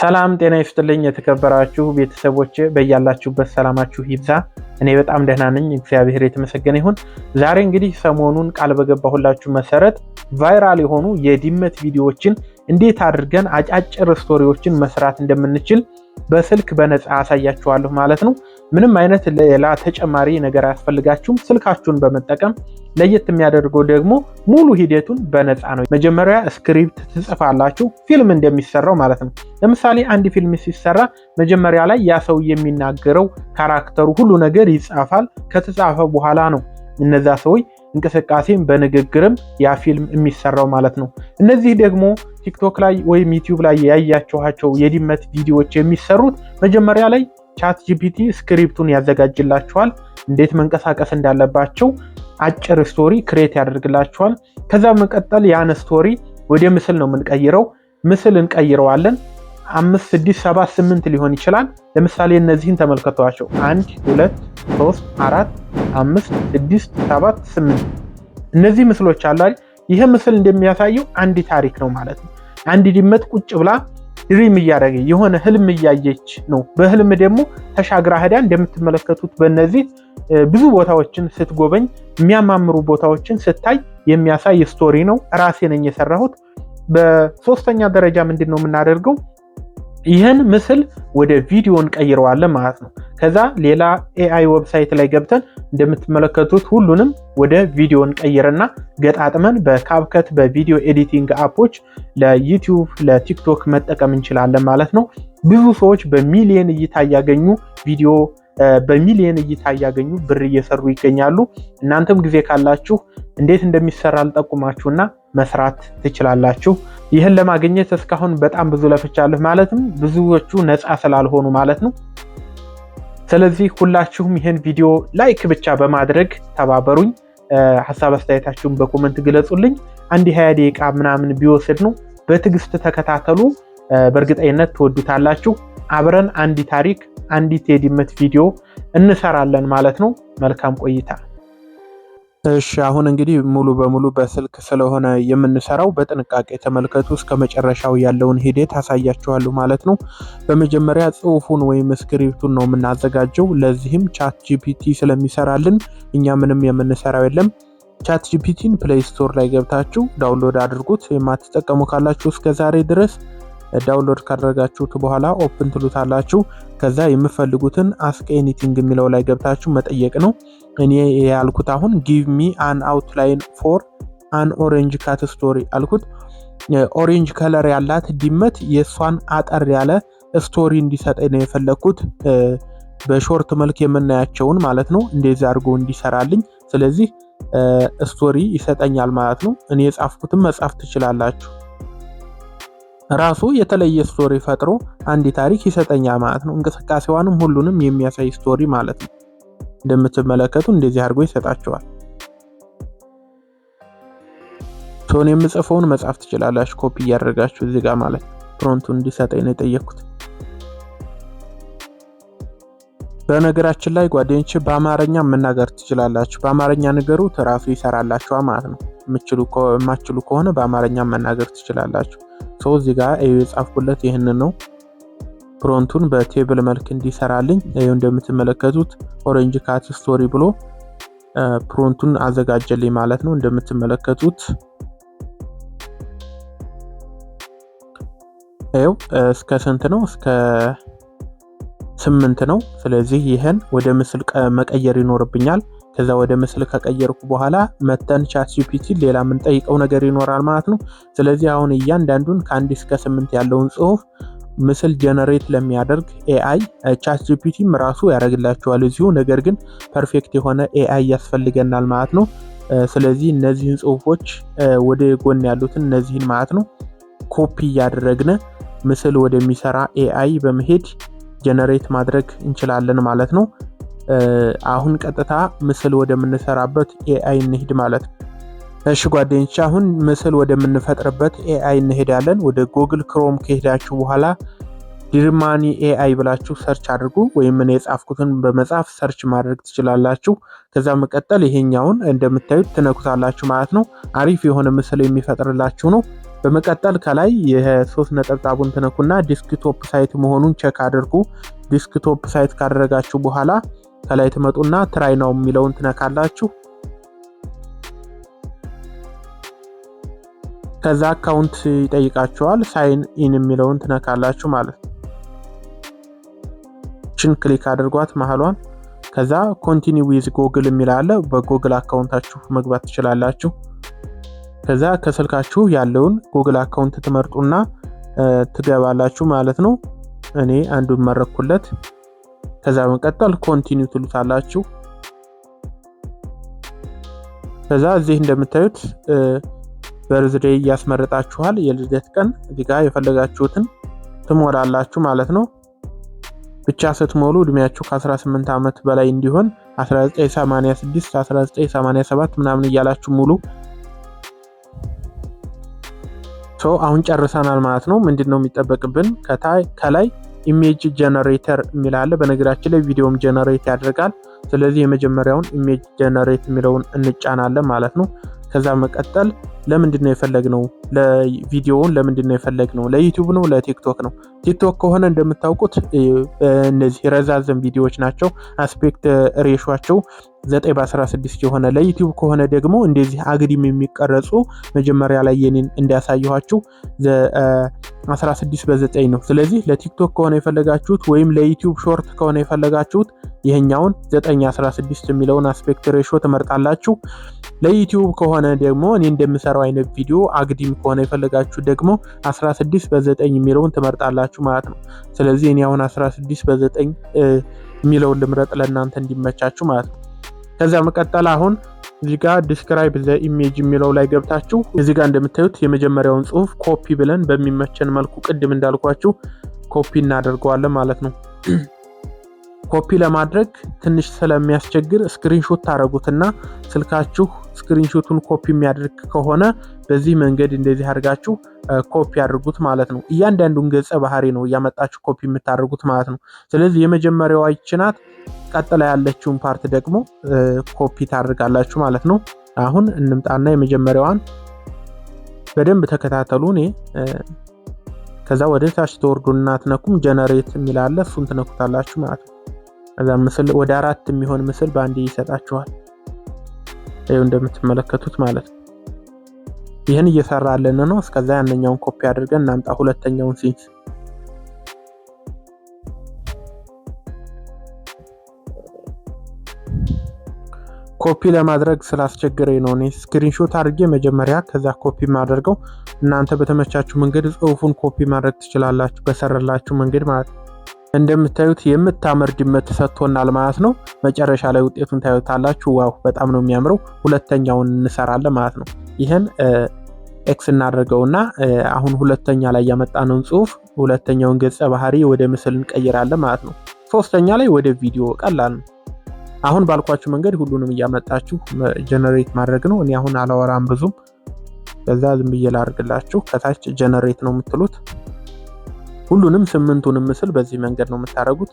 ሰላም ጤና ይስጥልኝ። የተከበራችሁ ቤተሰቦች በያላችሁበት ሰላማችሁ ይብዛ። እኔ በጣም ደህና ነኝ፣ እግዚአብሔር የተመሰገነ ይሁን። ዛሬ እንግዲህ ሰሞኑን ቃል በገባሁላችሁ መሰረት ቫይራል የሆኑ የድመት ቪዲዮዎችን እንዴት አድርገን አጫጭር ስቶሪዎችን መስራት እንደምንችል በስልክ በነፃ አሳያችኋለሁ ማለት ነው። ምንም አይነት ሌላ ተጨማሪ ነገር አያስፈልጋችሁም። ስልካችሁን በመጠቀም ለየት የሚያደርገው ደግሞ ሙሉ ሂደቱን በነፃ ነው። መጀመሪያ ስክሪፕት ትጽፋላችሁ፣ ፊልም እንደሚሰራው ማለት ነው። ለምሳሌ አንድ ፊልም ሲሰራ መጀመሪያ ላይ ያ ሰው የሚናገረው ካራክተሩ፣ ሁሉ ነገር ይጻፋል። ከተጻፈ በኋላ ነው እነዛ ሰዎች እንቅስቃሴም በንግግርም ያ ፊልም የሚሰራው ማለት ነው። እነዚህ ደግሞ ቲክቶክ ላይ ወይም ዩቲዩብ ላይ ያያችኋቸው የድመት ቪዲዮዎች የሚሰሩት መጀመሪያ ላይ ቻት ጂፒቲ ስክሪፕቱን ያዘጋጅላችኋል። እንዴት መንቀሳቀስ እንዳለባቸው አጭር ስቶሪ ክሬት ያደርግላችኋል። ከዛ መቀጠል ያን ስቶሪ ወደ ምስል ነው የምንቀይረው። ምስል እንቀይረዋለን። አምስት ስድስት ሰባት ስምንት ሊሆን ይችላል። ለምሳሌ እነዚህን ተመልከቷቸው። አንድ ሁለት ሶስት አራት አምስት ስድስት ሰባት ስምንት እነዚህ ምስሎች አሉ። ይህ ምስል እንደሚያሳየው አንድ ታሪክ ነው ማለት ነው። አንድ ድመት ቁጭ ብላ ድሪም እያደረገ የሆነ ህልም እያየች ነው። በህልም ደግሞ ተሻግራ ሄዳ እንደምትመለከቱት በእነዚህ ብዙ ቦታዎችን ስትጎበኝ የሚያማምሩ ቦታዎችን ስታይ የሚያሳይ ስቶሪ ነው። ራሴ ነኝ የሰራሁት። በሶስተኛ ደረጃ ምንድን ነው የምናደርገው? ይህን ምስል ወደ ቪዲዮ እንቀይረዋለን ማለት ነው። ከዛ ሌላ ኤአይ ዌብሳይት ላይ ገብተን እንደምትመለከቱት ሁሉንም ወደ ቪዲዮ እንቀይርና ገጣጥመን በካብከት በቪዲዮ ኤዲቲንግ አፖች ለዩቲዩብ ለቲክቶክ መጠቀም እንችላለን ማለት ነው። ብዙ ሰዎች በሚሊየን እይታ እያገኙ ቪዲዮ በሚሊየን እይታ እያገኙ ብር እየሰሩ ይገኛሉ። እናንተም ጊዜ ካላችሁ እንዴት እንደሚሰራ አልጠቁማችሁና መስራት ትችላላችሁ። ይህን ለማግኘት እስካሁን በጣም ብዙ ለፍቻለሁ፣ ማለትም ብዙዎቹ ነፃ ስላልሆኑ ማለት ነው። ስለዚህ ሁላችሁም ይህን ቪዲዮ ላይክ ብቻ በማድረግ ተባበሩኝ። ሀሳብ አስተያየታችሁን በኮመንት ግለጹልኝ። አንድ ሀያ ደቂቃ ምናምን ቢወስድ ነው። በትዕግስት ተከታተሉ። በእርግጠኝነት ትወዱታላችሁ። አብረን አንዲ ታሪክ አንዲት የድመት ቪዲዮ እንሰራለን ማለት ነው። መልካም ቆይታ እሺ አሁን እንግዲህ ሙሉ በሙሉ በስልክ ስለሆነ የምንሰራው በጥንቃቄ ተመልከቱ። እስከ መጨረሻው ያለውን ሂደት አሳያችኋለሁ ማለት ነው። በመጀመሪያ ጽሁፉን ወይም ስክሪፕቱን ነው የምናዘጋጀው። ለዚህም ቻት ጂፒቲ ስለሚሰራልን እኛ ምንም የምንሰራው የለም። ቻት ጂፒቲን ፕሌይ ስቶር ላይ ገብታችሁ ዳውንሎድ አድርጉት። የማትጠቀሙ ካላችሁ እስከ ዛሬ ድረስ ዳውንሎድ ካደረጋችሁት በኋላ ኦፕን ትሉታላችሁ። ከዛ የምፈልጉትን አስክ ኤኒቲንግ የሚለው ላይ ገብታችሁ መጠየቅ ነው። እኔ ያልኩት አሁን ጊቭ ሚ አን አውትላይን ፎር አን ኦሬንጅ ካት ስቶሪ አልኩት። ኦሬንጅ ከለር ያላት ድመት የእሷን አጠር ያለ ስቶሪ እንዲሰጠ ነው የፈለግኩት። በሾርት መልክ የምናያቸውን ማለት ነው እንደዚህ አድርጎ እንዲሰራልኝ። ስለዚህ ስቶሪ ይሰጠኛል ማለት ነው። እኔ የጻፍኩትም መጻፍ ትችላላችሁ። ራሱ የተለየ ስቶሪ ፈጥሮ አንድ ታሪክ ይሰጠኛል ማለት ነው። እንቅስቃሴዋንም ሁሉንም የሚያሳይ ስቶሪ ማለት ነው። እንደምትመለከቱ እንደዚህ አድርጎ ይሰጣቸዋል። ሶን የምጽፈውን መጻፍ ትችላላችሁ፣ ኮፒ እያደረጋችሁ እዚህ ጋር ማለት ፕሮንቱን እንዲሰጠኝ ነው የጠየኩት። በነገራችን ላይ ጓደኞች በአማርኛ መናገር ትችላላችሁ። በአማርኛ ነገሩት ራሱ ይሰራላችኋል ማለት ነው። የማትችሉ ከሆነ በአማርኛ መናገር ትችላላችሁ። ሰው እዚህ ጋር የጻፍኩለት ይህንን ነው። ፕሮንቱን በቴብል መልክ እንዲሰራልኝ ይኸው እንደምትመለከቱት ኦሬንጅ ካት ስቶሪ ብሎ ፕሮንቱን አዘጋጀልኝ ማለት ነው። እንደምትመለከቱት ይኸው እስከ ስንት ነው? እስከ ስምንት ነው። ስለዚህ ይህን ወደ ምስል መቀየር ይኖርብኛል። ከዛ ወደ ምስል ከቀየርኩ በኋላ መተን ቻት ጂፒቲ ሌላ የምንጠይቀው ነገር ይኖራል ማለት ነው። ስለዚህ አሁን እያንዳንዱን ከአንድ እስከ ስምንት ያለውን ጽሁፍ ምስል ጀነሬት ለሚያደርግ ኤአይ ቻት ጂፒቲም ራሱ ያደርግላቸዋል እዚሁ። ነገር ግን ፐርፌክት የሆነ ኤአይ ያስፈልገናል ማለት ነው። ስለዚህ እነዚህን ጽሁፎች ወደ ጎን ያሉትን እነዚህን ማለት ነው ኮፒ እያደረግን ምስል ወደሚሰራ ኤአይ በመሄድ ጀነሬት ማድረግ እንችላለን ማለት ነው። አሁን ቀጥታ ምስል ወደምንሰራበት ኤአይ እንሄድ ማለት ነው። እሺ ጓደኞች አሁን ምስል ወደምንፈጥርበት ኤአይ እንሄዳለን። ወደ ጉግል ክሮም ከሄዳችሁ በኋላ ዲርማኒ ኤአይ ብላችሁ ሰርች አድርጉ፣ ወይም እኔ የጻፍኩትን በመጻፍ ሰርች ማድረግ ትችላላችሁ። ከዛ መቀጠል ይሄኛውን እንደምታዩት ትነኩታላችሁ ማለት ነው። አሪፍ የሆነ ምስል የሚፈጥርላችሁ ነው። በመቀጠል ከላይ የሶስት ነጠብጣቡን ትነኩና ዲስክቶፕ ሳይት መሆኑን ቼክ አድርጉ። ዲስክቶፕ ሳይት ካደረጋችሁ በኋላ ከላይ ትመጡና ትራይ ነው የሚለውን ትነካላችሁ። ከዛ አካውንት ይጠይቃችኋል። ሳይን ኢን የሚለውን ትነካላችሁ ማለት ነው። ችን ክሊክ አድርጓት መሀሏን። ከዛ ኮንቲኒ ዊዝ ጎግል የሚል አለ። በጎግል አካውንታችሁ መግባት ትችላላችሁ። ከዛ ከስልካችሁ ያለውን ጎግል አካውንት ትመርጡና ትገባላችሁ ማለት ነው። እኔ አንዱን መረኩለት። ከዛ በመቀጠል ኮንቲኒ ትሉታላችሁ። ከዛ እዚህ እንደምታዩት በርዝዴይ እያስመርጣችኋል። የልደት ቀን እዚጋ የፈለጋችሁትን ትሞላላችሁ ማለት ነው። ብቻ ስትሞሉ እድሜያችሁ ከ18 ዓመት በላይ እንዲሆን 1986 1987 ምናምን እያላችሁ ሙሉ። ሶ አሁን ጨርሰናል ማለት ነው። ምንድን ነው የሚጠበቅብን? ከላይ ኢሜጅ ጀነሬተር የሚላለ በነገራችን ላይ ቪዲዮም ጀነሬት ያደርጋል። ስለዚህ የመጀመሪያውን ኢሜጅ ጀነሬት የሚለውን እንጫናለን ማለት ነው። ከዛ መቀጠል ለምንድን ነው የፈለግነው? ለቪዲዮውን ለምንድን ነው የፈለግነው? ለዩቲዩብ ነው ለቲክቶክ ነው? ቲክቶክ ከሆነ እንደምታውቁት እነዚህ ረዛዘም ቪዲዮዎች ናቸው። አስፔክት ሬሾቸው 9 በ16 የሆነ ለዩቲዩብ ከሆነ ደግሞ እንደዚህ አግድም የሚቀረጹ መጀመሪያ ላይ የኔን እንዳሳየኋችሁ 16 በ9 ነው። ስለዚህ ለቲክቶክ ከሆነ የፈለጋችሁት ወይም ለዩቲዩብ ሾርት ከሆነ የፈለጋችሁት ይሄኛውን 9 16 የሚለውን አስፔክት ሬሾ ትመርጣላችሁ። ለዩቲዩብ ከሆነ ደግሞ እኔ እንደምሰራው የምሰራው አይነት ቪዲዮ አግድም ከሆነ የፈለጋችሁ ደግሞ 16 በ9 የሚለውን ትመርጣላችሁ ማለት ነው። ስለዚህ እኔ አሁን 16 በ9 የሚለውን ልምረጥ ለእናንተ እንዲመቻችሁ ማለት ነው። ከዚያ መቀጠል አሁን እዚህ ጋር ዲስክራይብ ዘ ኢሜጅ የሚለው ላይ ገብታችሁ እዚህ ጋር እንደምታዩት የመጀመሪያውን ጽሁፍ ኮፒ ብለን በሚመቸን መልኩ ቅድም እንዳልኳችሁ ኮፒ እናደርገዋለን ማለት ነው። ኮፒ ለማድረግ ትንሽ ስለሚያስቸግር ስክሪንሾት ታደረጉትና ስልካችሁ ስክሪንሾቱን ኮፒ የሚያደርግ ከሆነ በዚህ መንገድ እንደዚህ አድርጋችሁ ኮፒ አድርጉት ማለት ነው። እያንዳንዱን ገጸ ባህሪ ነው እያመጣችሁ ኮፒ የምታደርጉት ማለት ነው። ስለዚህ የመጀመሪያዋ ይች ናት። ቀጥላ ያለችውን ፓርት ደግሞ ኮፒ ታደርጋላችሁ ማለት ነው። አሁን እንምጣና የመጀመሪያዋን በደንብ ተከታተሉ። እኔ ከዛ ወደ ታች ተወርዱና አትነኩም። ጀነሬት የሚላለ እሱን ትነኩታላችሁ ማለት ነው። ከዛ ምስል ወደ አራት የሚሆን ምስል በአንድ ይሰጣችኋል። ይኸው እንደምትመለከቱት ማለት ነው። ይህን እየሰራልን ነው። እስከዛ ያንኛውን ኮፒ አድርገን እናምጣ ሁለተኛውን ሲንስ ኮፒ ለማድረግ ስላስቸግረኝ ነው። እኔ ስክሪንሾት አድርጌ መጀመሪያ ከዛ ኮፒ ማደርገው። እናንተ በተመቻችሁ መንገድ ጽሁፉን ኮፒ ማድረግ ትችላላችሁ፣ በሰራላችሁ መንገድ ማለት ነው። እንደምታዩት የምታምር ድመት ሰጥቶናል ማለት ነው። መጨረሻ ላይ ውጤቱን ታዩታላችሁ። ዋው በጣም ነው የሚያምረው። ሁለተኛውን እንሰራለን ማለት ነው። ይህን ኤክስ እናደርገውና አሁን ሁለተኛ ላይ ያመጣነውን ጽሁፍ ሁለተኛውን ገጸ ባህሪ ወደ ምስል እንቀይራለን ማለት ነው። ሶስተኛ ላይ ወደ ቪዲዮ ቀላል ነው። አሁን ባልኳችሁ መንገድ ሁሉንም እያመጣችሁ ጀነሬት ማድረግ ነው። እኔ አሁን አላወራም ብዙም፣ ከዛ ዝም ብዬ ከታች ጀነሬት ነው የምትሉት ሁሉንም ስምንቱንም ምስል በዚህ መንገድ ነው የምታደርጉት።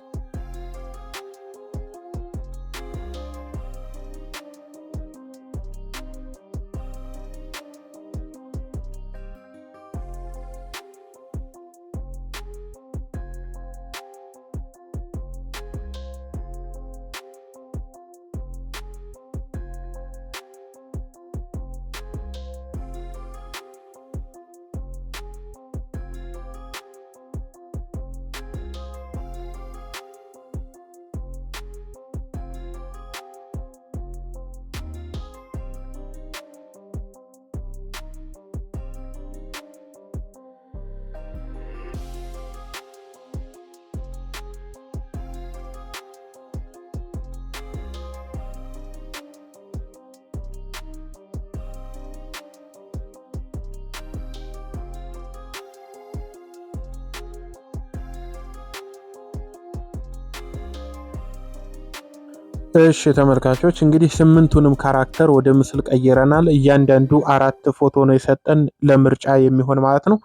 እሺ ተመልካቾች እንግዲህ ስምንቱንም ካራክተር ወደ ምስል ቀይረናል። እያንዳንዱ አራት ፎቶ ነው የሰጠን ለምርጫ የሚሆን ማለት ነው።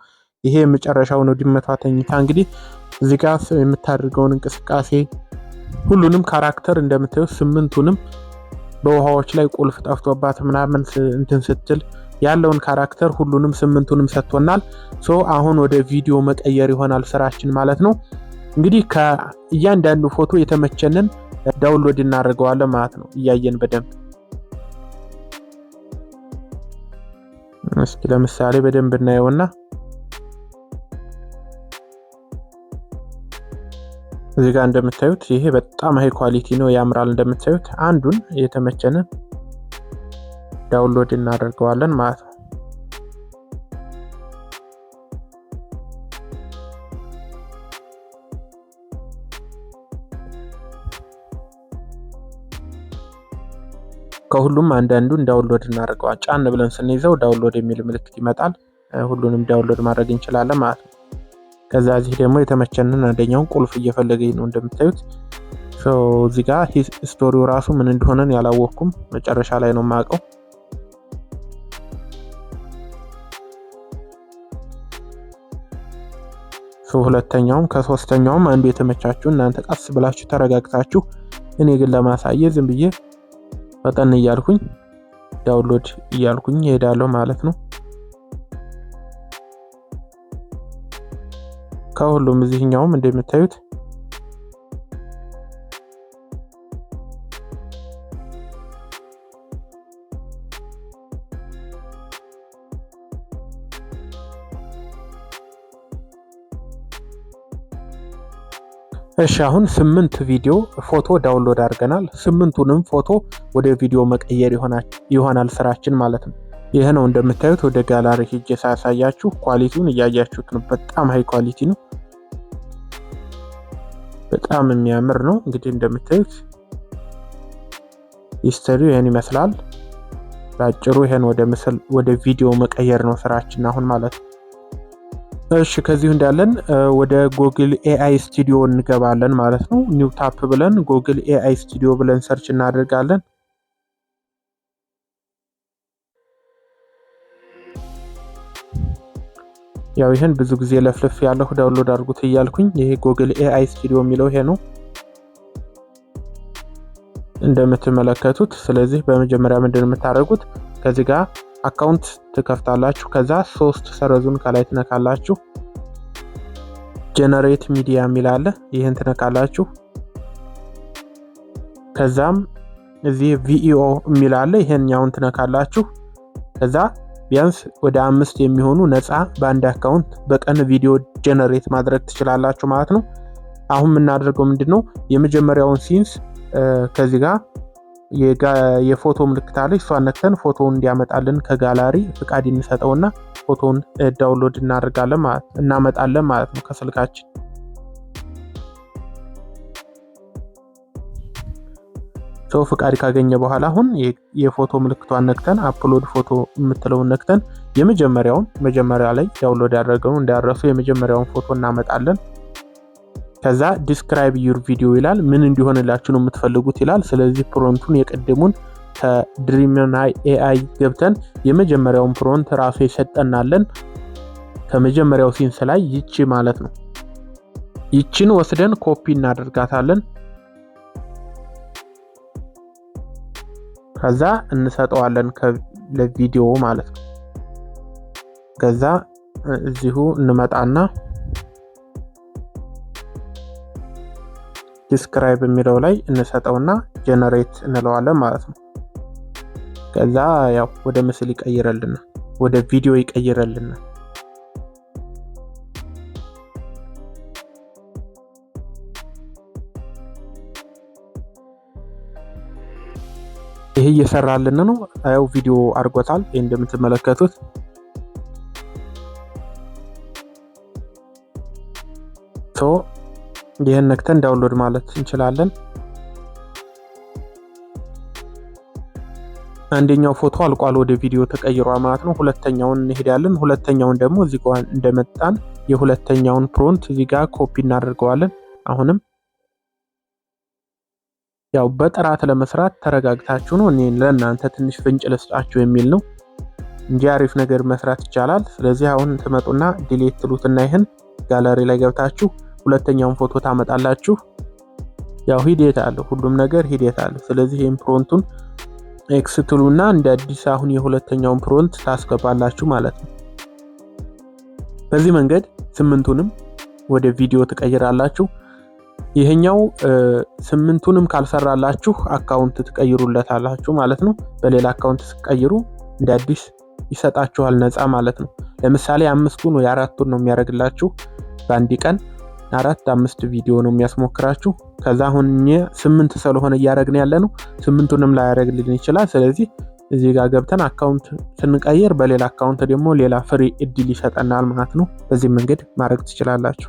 ይሄ የመጨረሻው ነው። ድመቷ ተኝታ እንግዲህ እዚህ ጋ የምታደርገውን እንቅስቃሴ ሁሉንም ካራክተር እንደምታዩ ስምንቱንም በውሃዎች ላይ ቁልፍ ጠፍቶባት ምናምን እንትን ስትል ያለውን ካራክተር ሁሉንም ስምንቱንም ሰጥቶናል። ሶ አሁን ወደ ቪዲዮ መቀየር ይሆናል ስራችን ማለት ነው። እንግዲህ ከእያንዳንዱ ፎቶ የተመቸንን ዳውንሎድ እናደርገዋለን ማለት ነው። እያየን በደንብ እስኪ ለምሳሌ በደንብ እናየውና እዚህ ጋር እንደምታዩት ይሄ በጣም ሀይ ኳሊቲ ነው፣ ያምራል። እንደምታዩት አንዱን የተመቸንን ዳውንሎድ እናደርገዋለን ማለት ነው። ከሁሉም አንዳንዱን ዳውንሎድ እናደርገዋል። ጫን ብለን ስንይዘው ዳውንሎድ የሚል ምልክት ይመጣል። ሁሉንም ዳውንሎድ ማድረግ እንችላለን ማለት ነው። ከዛ እዚህ ደግሞ የተመቸንን አንደኛውን ቁልፍ እየፈለገኝ ነው እንደምታዩት። እዚህ ጋር ስቶሪው ራሱ ምን እንደሆነን ያላወቅኩም መጨረሻ ላይ ነው የማውቀው። ሁለተኛውም ከሶስተኛውም አንዱ የተመቻችሁ እናንተ ቀስ ብላችሁ ተረጋግታችሁ፣ እኔ ግን ለማሳየ ዝም ብዬ ፈጠን እያልኩኝ ዳውንሎድ እያልኩኝ ይሄዳለሁ ማለት ነው። ከሁሉም እዚህኛውም እንደምታዩት እሺ አሁን ስምንት ቪዲዮ ፎቶ ዳውንሎድ አድርገናል። ስምንቱንም ፎቶ ወደ ቪዲዮ መቀየር ይሆናል ስራችን ማለት ነው። ይህ ነው እንደምታዩት። ወደ ጋላሪ ሄጄ ሳያሳያችሁ ኳሊቲውን እያያችሁት ነው። በጣም ሀይ ኳሊቲ ነው። በጣም የሚያምር ነው። እንግዲህ እንደምታዩት ሂስተሪው ይህን ይመስላል። በአጭሩ ይህን ወደ ቪዲዮ መቀየር ነው ስራችን አሁን ማለት ነው። እሺ ከዚሁ እንዳለን ወደ ጉግል ኤአይ ስቱዲዮ እንገባለን ማለት ነው። ኒው ታፕ ብለን ጉግል ኤአይ ስቱዲዮ ብለን ሰርች እናደርጋለን። ያው ይህን ብዙ ጊዜ ለፍልፍ ያለሁ ዳውንሎድ አድርጉት እያልኩኝ ይሄ ጉግል ኤአይ ስቱዲዮ የሚለው ይሄ ነው እንደምትመለከቱት። ስለዚህ በመጀመሪያ ምንድን የምታደርጉት ከዚህ ጋር አካውንት ትከፍታላችሁ። ከዛ ሶስት ሰረዙን ከላይ ትነካላችሁ። ጀነሬት ሚዲያ የሚላለ ይህን ትነካላችሁ። ከዛም እዚህ ቪኢኦ የሚላለ ይህን ያውን ትነካላችሁ። ከዛ ቢያንስ ወደ አምስት የሚሆኑ ነፃ በአንድ አካውንት በቀን ቪዲዮ ጀነሬት ማድረግ ትችላላችሁ ማለት ነው። አሁን የምናደርገው ምንድን ነው? የመጀመሪያውን ሲንስ ከዚህ ጋር የፎቶ ምልክት አለ። እሷን ነክተን ፎቶውን እንዲያመጣልን ከጋላሪ ፍቃድ እንሰጠውና ፎቶውን ዳውንሎድ እናደርጋለን እናመጣለን ማለት ነው ከስልካችን። ሰው ፍቃድ ካገኘ በኋላ አሁን የፎቶ ምልክቷን ነክተን አፕሎድ ፎቶ የምትለውን ነክተን የመጀመሪያውን መጀመሪያ ላይ ዳውንሎድ ያደረገውን እንዳያረሱ የመጀመሪያውን ፎቶ እናመጣለን። ከዛ ዲስክራይብ ዩር ቪዲዮ ይላል። ምን እንዲሆንላችሁ ነው የምትፈልጉት ይላል። ስለዚህ ፕሮንቱን የቀደሙን ከድሪምን ኤአይ ገብተን የመጀመሪያውን ፕሮንት ራሱ የሰጠናለን ከመጀመሪያው ሲንስ ላይ ይቺ ማለት ነው። ይቺን ወስደን ኮፒ እናደርጋታለን። ከዛ እንሰጠዋለን ለቪዲዮ ማለት ነው። ከዛ እዚሁ እንመጣና ዲስክራይብ የሚለው ላይ እንሰጠውና ጀነሬት እንለዋለን ማለት ነው። ከዛ ያው ወደ ምስል ይቀይረልናል፣ ወደ ቪዲዮ ይቀይረልናል። ይህ እየሰራልን ነው። ያው ቪዲዮ አድርጎታል። ይህ እንደምትመለከቱት ሶ ይህን ነክተን ዳውንሎድ ማለት እንችላለን። አንደኛው ፎቶ አልቋል፣ ወደ ቪዲዮ ተቀይሯ ማለት ነው። ሁለተኛውን እንሄዳለን። ሁለተኛውን ደግሞ እዚህ ጋር እንደመጣን የሁለተኛውን ፕሮምፕት እዚህ ጋር ኮፒ እናደርገዋለን። አሁንም ያው በጥራት ለመስራት ተረጋግታችሁ ነው። እኔ ለእናንተ ትንሽ ፍንጭ ልስጣችሁ የሚል ነው እንጂ አሪፍ ነገር መስራት ይቻላል። ስለዚህ አሁን ትመጡና ዲሌት ትሉትና ይህን ጋለሪ ላይ ገብታችሁ ሁለተኛውን ፎቶ ታመጣላችሁ። ያው ሂደት አለው፣ ሁሉም ነገር ሂደት አለው። ስለዚህ ይህም ፕሮንቱን ኤክስ ትሉና እንደ አዲስ አሁን የሁለተኛውን ፕሮንት ታስገባላችሁ ማለት ነው። በዚህ መንገድ ስምንቱንም ወደ ቪዲዮ ትቀይራላችሁ። ይሄኛው ስምንቱንም ካልሰራላችሁ አካውንት ትቀይሩለታላችሁ ማለት ነው። በሌላ አካውንት ስትቀይሩ እንደ አዲስ ይሰጣችኋል ነፃ ማለት ነው። ለምሳሌ አምስቱን ወይ አራቱን ነው የሚያደርግላችሁ በአንድ ቀን አራት አምስት ቪዲዮ ነው የሚያስሞክራችሁ። ከዛ አሁን ስምንት ስለሆነ እያደረግን ያለ ነው ስምንቱንም ላያደረግልን ይችላል። ስለዚህ እዚህ ጋር ገብተን አካውንት ስንቀይር በሌላ አካውንት ደግሞ ሌላ ፍሪ እድል ይሰጠናል ማለት ነው። በዚህ መንገድ ማድረግ ትችላላችሁ።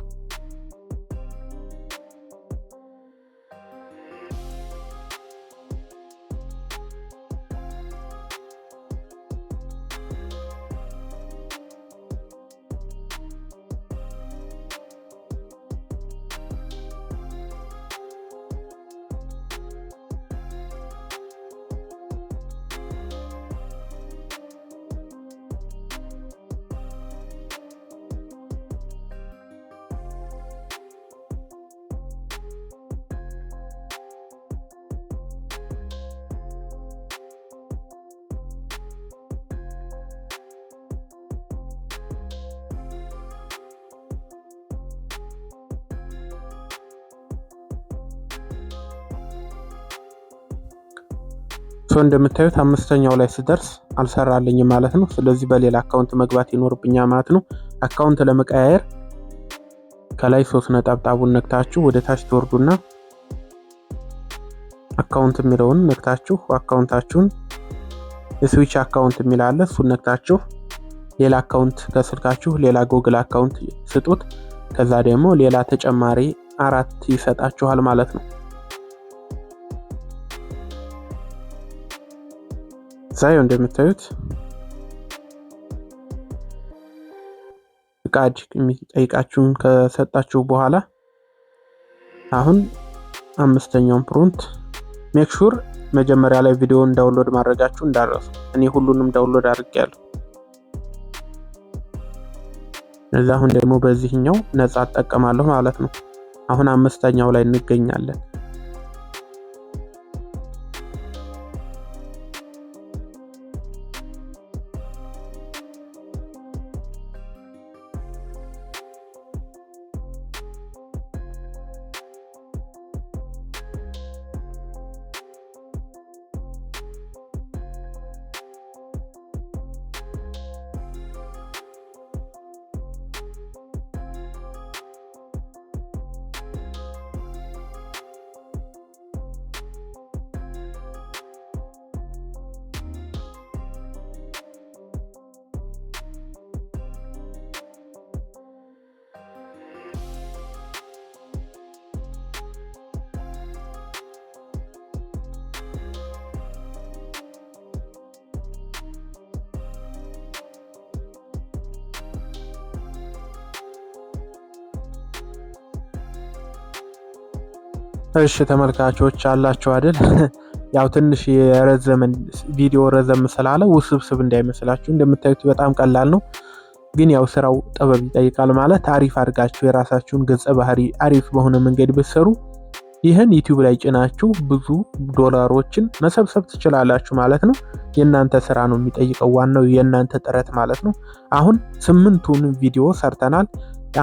ሶ እንደምታዩት አምስተኛው ላይ ስደርስ አልሰራልኝም ማለት ነው። ስለዚህ በሌላ አካውንት መግባት ይኖርብኛል ማለት ነው። አካውንት ለመቀያየር ከላይ ሶስት ነጠብጣቡን ነክታችሁ ወደ ታች ትወርዱና አካውንት የሚለውን ነክታችሁ አካውንታችሁን የስዊች አካውንት የሚል አለ። እሱን ነክታችሁ ሌላ አካውንት ከስልካችሁ ሌላ ጎግል አካውንት ስጡት። ከዛ ደግሞ ሌላ ተጨማሪ አራት ይሰጣችኋል ማለት ነው። ከዛ ያው እንደምታዩት ፍቃድ የሚጠይቃችሁን ከሰጣችሁ በኋላ አሁን አምስተኛውን ፕሮምፕት ሜክሹር መጀመሪያ ላይ ቪዲዮውን ዳውንሎድ ማድረጋችሁ እንዳረሱ። እኔ ሁሉንም ዳውንሎድ አድርጌያለሁ። እዛ አሁን ደግሞ በዚህኛው ነፃ እጠቀማለሁ ማለት ነው። አሁን አምስተኛው ላይ እንገኛለን። እሺ ተመልካቾች አላችሁ አይደል? ያው ትንሽ የረዘመ ቪዲዮ ረዘም ስላለ ውስብስብ እንዳይመስላችሁ እንደምታዩት በጣም ቀላል ነው፣ ግን ያው ስራው ጥበብ ይጠይቃል። ማለት አሪፍ አድርጋችሁ የራሳችሁን ገጸ ባህሪ አሪፍ በሆነ መንገድ ብትሰሩ ይህን ዩቲዩብ ላይ ጭናችሁ ብዙ ዶላሮችን መሰብሰብ ትችላላችሁ ማለት ነው። የእናንተ ስራ ነው የሚጠይቀው፣ ዋናው የእናንተ ጥረት ማለት ነው። አሁን ስምንቱን ቪዲዮ ሰርተናል።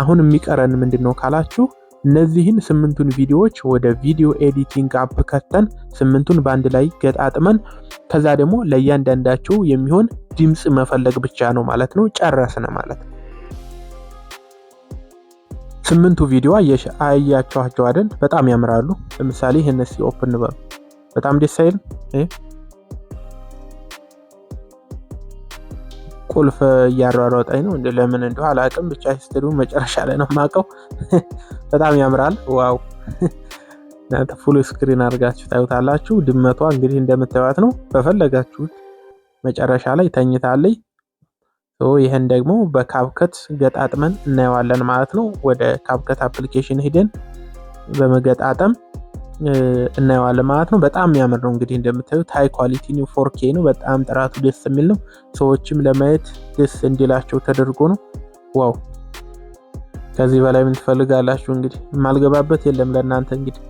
አሁን የሚቀረን ምንድን ነው ካላችሁ እነዚህን ስምንቱን ቪዲዮዎች ወደ ቪዲዮ ኤዲቲንግ አፕ ከተን ስምንቱን በአንድ ላይ ገጣጥመን ከዛ ደግሞ ለእያንዳንዳቸው የሚሆን ድምፅ መፈለግ ብቻ ነው ማለት ነው። ጨረስን ማለት ነው። ስምንቱ ቪዲዮ አያችኋቸው አይደል? በጣም ያምራሉ። ለምሳሌ ይህን እስኪ ኦፕን በሉ። በጣም ደስ አይልም? ቁልፍ እያሯሯጠኝ ነው። ለምን እንደው አላውቅም። ብቻ ስትሉ መጨረሻ ላይ ነው የማውቀው። በጣም ያምራል። ዋው እናንተ ፉል ስክሪን አድርጋችሁ ታዩታላችሁ። ድመቷ እንግዲህ እንደምታዩት ነው። በፈለጋችሁት መጨረሻ ላይ ተኝታለች። ይህን ደግሞ በካብከት ገጣጥመን እናየዋለን ማለት ነው። ወደ ካብከት አፕሊኬሽን ሂደን በመገጣጠም እናየዋለን ማለት ነው። በጣም የሚያምር ነው እንግዲህ እንደምታዩት ሃይ ኳሊቲ ነው፣ ፎርኬ ነው። በጣም ጥራቱ ደስ የሚል ነው። ሰዎችም ለማየት ደስ እንዲላቸው ተደርጎ ነው። ዋው ከዚህ በላይ ምን ትፈልጋላችሁ? እንግዲህ የማልገባበት የለም ለእናንተ እንግዲህ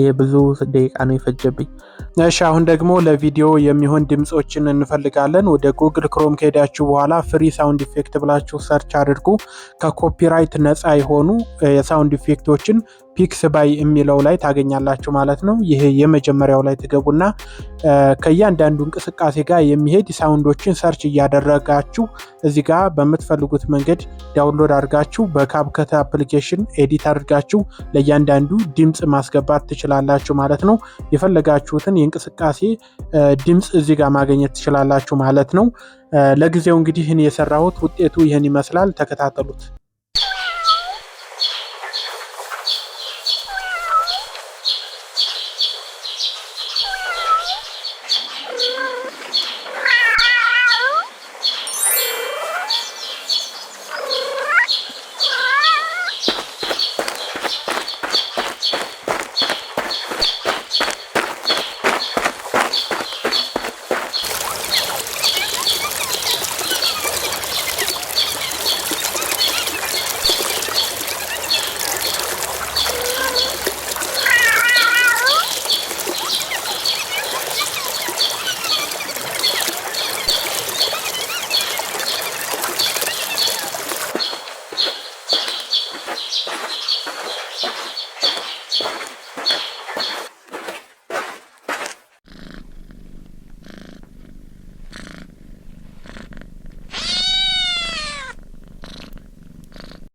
ይሄ ብዙ ደቂቃ ነው የፈጀብኝ። እሺ አሁን ደግሞ ለቪዲዮ የሚሆን ድምፆችን እንፈልጋለን። ወደ ጉግል ክሮም ከሄዳችሁ በኋላ ፍሪ ሳውንድ ኢፌክት ብላችሁ ሰርች አድርጉ። ከኮፒራይት ነፃ የሆኑ የሳውንድ ኢፌክቶችን ፒክስ ባይ የሚለው ላይ ታገኛላችሁ ማለት ነው። ይሄ የመጀመሪያው ላይ ትገቡና ከእያንዳንዱ እንቅስቃሴ ጋር የሚሄድ ሳውንዶችን ሰርች እያደረጋችሁ እዚህ ጋ በምትፈልጉት መንገድ ዳውንሎድ አድርጋችሁ በካፕከት አፕሊኬሽን ኤዲት አድርጋችሁ ለእያንዳንዱ ድምፅ ማስገባት ትችላላችሁ ማለት ነው። የፈለጋችሁትን የእንቅስቃሴ ድምፅ እዚ ጋ ማግኘት ትችላላችሁ ማለት ነው። ለጊዜው እንግዲህ ይህን የሰራሁት ውጤቱ ይህን ይመስላል። ተከታተሉት።